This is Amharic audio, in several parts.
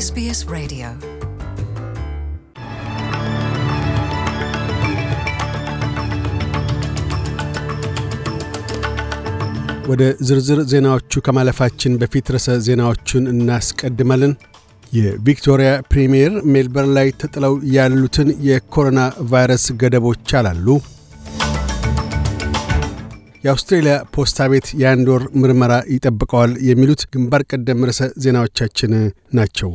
SBS Radio ወደ ዝርዝር ዜናዎቹ ከማለፋችን በፊት ርዕሰ ዜናዎቹን እናስቀድማለን። የቪክቶሪያ ፕሪምየር ሜልበርን ላይ ተጥለው ያሉትን የኮሮና ቫይረስ ገደቦች አላሉ የአውስትሬልያ ፖስታ ቤት የአንድ ወር ምርመራ ይጠብቀዋል የሚሉት ግንባር ቀደም ርዕሰ ዜናዎቻችን ናቸው።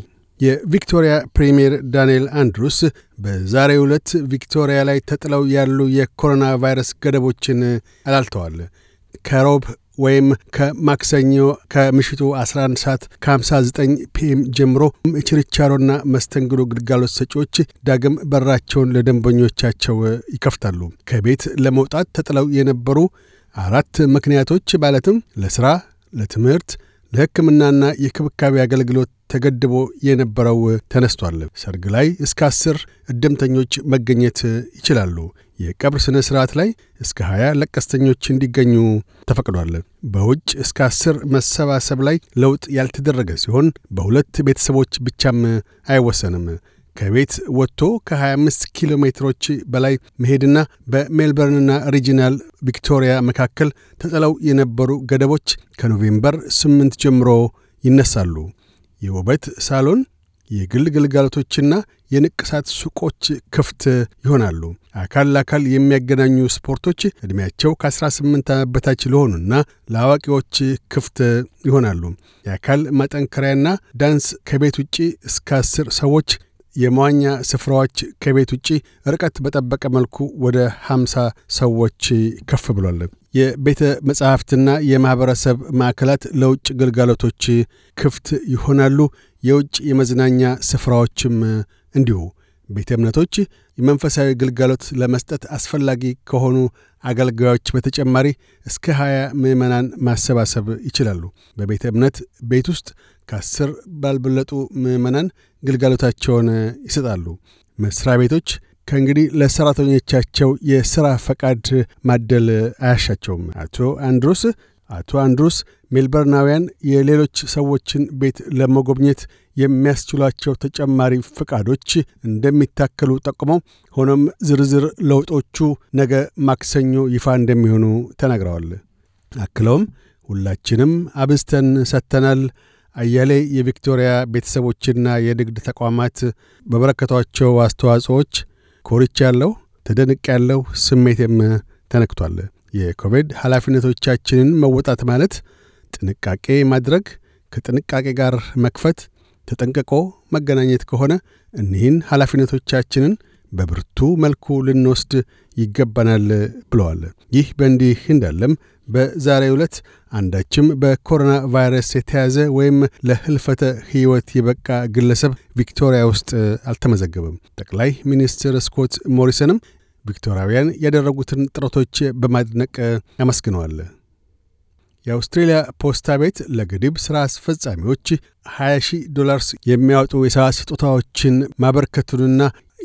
የቪክቶሪያ ፕሪምየር ዳንኤል አንድሩስ በዛሬ ዕለት ቪክቶሪያ ላይ ተጥለው ያሉ የኮሮና ቫይረስ ገደቦችን አላልተዋል። ከሮብ ወይም ከማክሰኞ ከምሽቱ 11 ሰዓት ከ59 ፒኤም ጀምሮ ችርቻሮና መስተንግዶ ግልጋሎት ሰጪዎች ዳግም በራቸውን ለደንበኞቻቸው ይከፍታሉ። ከቤት ለመውጣት ተጥለው የነበሩ አራት ምክንያቶች ማለትም ለሥራ፣ ለትምህርት፣ ለሕክምናና የክብካቤ አገልግሎት ተገድቦ የነበረው ተነስቷል። ሰርግ ላይ እስከ አስር እድምተኞች መገኘት ይችላሉ። የቀብር ሥነ ሥርዓት ላይ እስከ 20 ለቀስተኞች እንዲገኙ ተፈቅዷል። በውጭ እስከ አስር መሰባሰብ ላይ ለውጥ ያልተደረገ ሲሆን በሁለት ቤተሰቦች ብቻም አይወሰንም። ከቤት ወጥቶ ከ25 ኪሎ ሜትሮች በላይ መሄድና በሜልበርንና ሪጂናል ቪክቶሪያ መካከል ተጥለው የነበሩ ገደቦች ከኖቬምበር 8 ጀምሮ ይነሳሉ። የውበት ሳሎን፣ የግል ግልጋሎቶችና የንቅሳት ሱቆች ክፍት ይሆናሉ። አካል ለአካል የሚያገናኙ ስፖርቶች ዕድሜያቸው ከ18 ዓመት በታች ለሆኑና ለአዋቂዎች ክፍት ይሆናሉ። የአካል ማጠንከሪያና ዳንስ ከቤት ውጪ እስከ አስር ሰዎች የመዋኛ ስፍራዎች ከቤት ውጪ ርቀት በጠበቀ መልኩ ወደ 50 ሰዎች ከፍ ብሏል። የቤተ መጻሕፍትና የማኅበረሰብ ማዕከላት ለውጭ ግልጋሎቶች ክፍት ይሆናሉ። የውጭ የመዝናኛ ስፍራዎችም እንዲሁ። ቤተ እምነቶች የመንፈሳዊ ግልጋሎት ለመስጠት አስፈላጊ ከሆኑ አገልጋዮች በተጨማሪ እስከ 20 ምዕመናን ማሰባሰብ ይችላሉ። በቤተ እምነት ቤት ውስጥ ከአስር ባልበለጡ ምዕመናን ግልጋሎታቸውን ይሰጣሉ። መስሪያ ቤቶች ከእንግዲህ ለሰራተኞቻቸው የሥራ ፈቃድ ማደል አያሻቸውም። አቶ አንድሮስ አቶ አንድሮስ ሜልበርናውያን የሌሎች ሰዎችን ቤት ለመጎብኘት የሚያስችሏቸው ተጨማሪ ፈቃዶች እንደሚታከሉ ጠቁመው፣ ሆኖም ዝርዝር ለውጦቹ ነገ ማክሰኞ ይፋ እንደሚሆኑ ተናግረዋል። አክለውም ሁላችንም አብዝተን ሰጥተናል አያሌ የቪክቶሪያ ቤተሰቦችና የንግድ ተቋማት በበረከቷቸው አስተዋጽኦች ኮርች ያለው ተደንቅ ያለው ስሜቴም ተነክቷል። የኮቪድ ኃላፊነቶቻችንን መወጣት ማለት ጥንቃቄ ማድረግ፣ ከጥንቃቄ ጋር መክፈት፣ ተጠንቅቆ መገናኘት ከሆነ እኒህን ኃላፊነቶቻችንን በብርቱ መልኩ ልንወስድ ይገባናል ብለዋል። ይህ በእንዲህ እንዳለም በዛሬ ዕለት አንዳችም በኮሮና ቫይረስ የተያዘ ወይም ለህልፈተ ሕይወት የበቃ ግለሰብ ቪክቶሪያ ውስጥ አልተመዘገበም። ጠቅላይ ሚኒስትር ስኮት ሞሪሰንም ቪክቶሪያውያን ያደረጉትን ጥረቶች በማድነቅ አመስግነዋል። የአውስትሬልያ ፖስታ ቤት ለግድብ ሥራ አስፈጻሚዎች 20 ሺህ ዶላርስ የሚያወጡ የሰዓት ስጦታዎችን ማበርከቱንና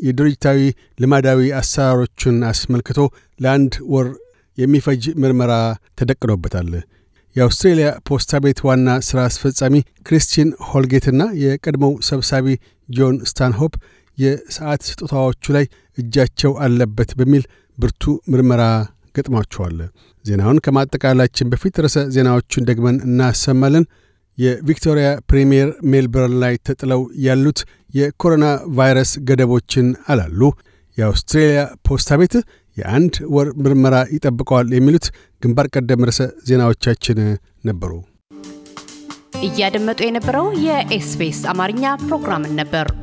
የድርጅታዊ ልማዳዊ አሰራሮችን አስመልክቶ ለአንድ ወር የሚፈጅ ምርመራ ተደቅኖበታል። የአውስትሬልያ ፖስታ ቤት ዋና ሥራ አስፈጻሚ ክሪስቲን ሆልጌትና የቀድሞው ሰብሳቢ ጆን ስታንሆፕ የሰዓት ስጦታዎቹ ላይ እጃቸው አለበት በሚል ብርቱ ምርመራ ገጥሟቸዋል። ዜናውን ከማጠቃላችን በፊት ርዕሰ ዜናዎቹን ደግመን እናሰማለን። የቪክቶሪያ ፕሪምየር ሜልበርን ላይ ተጥለው ያሉት የኮሮና ቫይረስ ገደቦችን አላሉ። የአውስትሬልያ ፖስታ ቤት የአንድ ወር ምርመራ ይጠብቀዋል። የሚሉት ግንባር ቀደም ርዕሰ ዜናዎቻችን ነበሩ። እያደመጡ የነበረው የኤስቢኤስ አማርኛ ፕሮግራምን ነበር።